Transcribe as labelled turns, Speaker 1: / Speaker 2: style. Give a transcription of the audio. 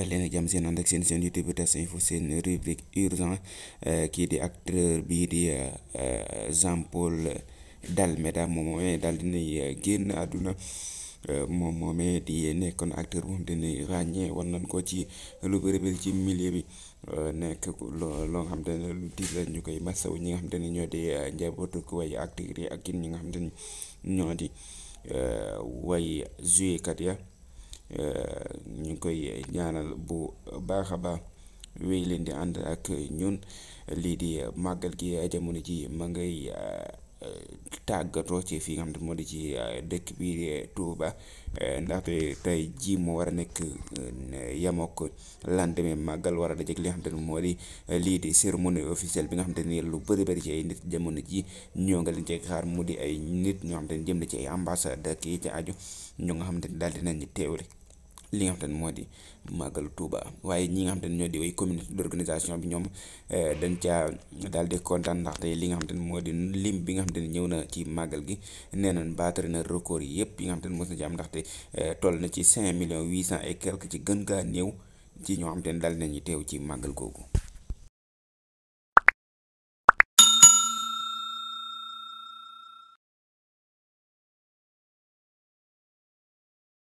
Speaker 1: dal leen ak jàmm seen ànd ak seen seen youtube Thiès Info seen rubrique urgent euh, kii di acteur bii di euh, euh, Jean Paul Dalméda moom moomee daal dinay génn àdduna moom moomee di nekkoon acteur moom dañuy ràññee war nañ ko ci lu bëri bëri ci millier bi nekk loo xam te ne lu tiis la ñu koy wu ñi nga xam ne ne ñoo di njabootu way acteur yi ak ñi nga xam te ne ñoo di way joué ya Euh, ñu ngi koy ñaanal bu baax a baax wéy leen di ànd ak ñun lii di màggal gi jamono ji ma ngay euh, tàggatoo ci fi nga xam ne moo di ci euh, dëkk bi Touba ndaxte tey jii moo war a nekk yamook lendemain màggal war a dajeek li nga xam ne moo di lii di cérémonie officielle bi nga xam ne lu bari bari ci ay nit jamono ji ñoo nga leen cee mu di ay nit ñoo xam ne jëm na ci ay ambassade ak yi ci aju ñoo nga xam ne daal dinañ teewle li nga xam te ne moo di màggalu Touba waaye ñi nga xam ne ñoo di way communauté d'organisation bi ñoom eh, dañ caa daal di kontaan ndaxte li nga xam te ne moo di lim bi nga xam te ne ñëw na ci màggal gi nee nañ baatare na record yi yëpp yi nga xam ne moo na ci am ndaxte eh, toll na ci cinq millions huit cent et quelque ci gën gaa néew ci ñoo xam ne daal nañu teew ci màggal googu.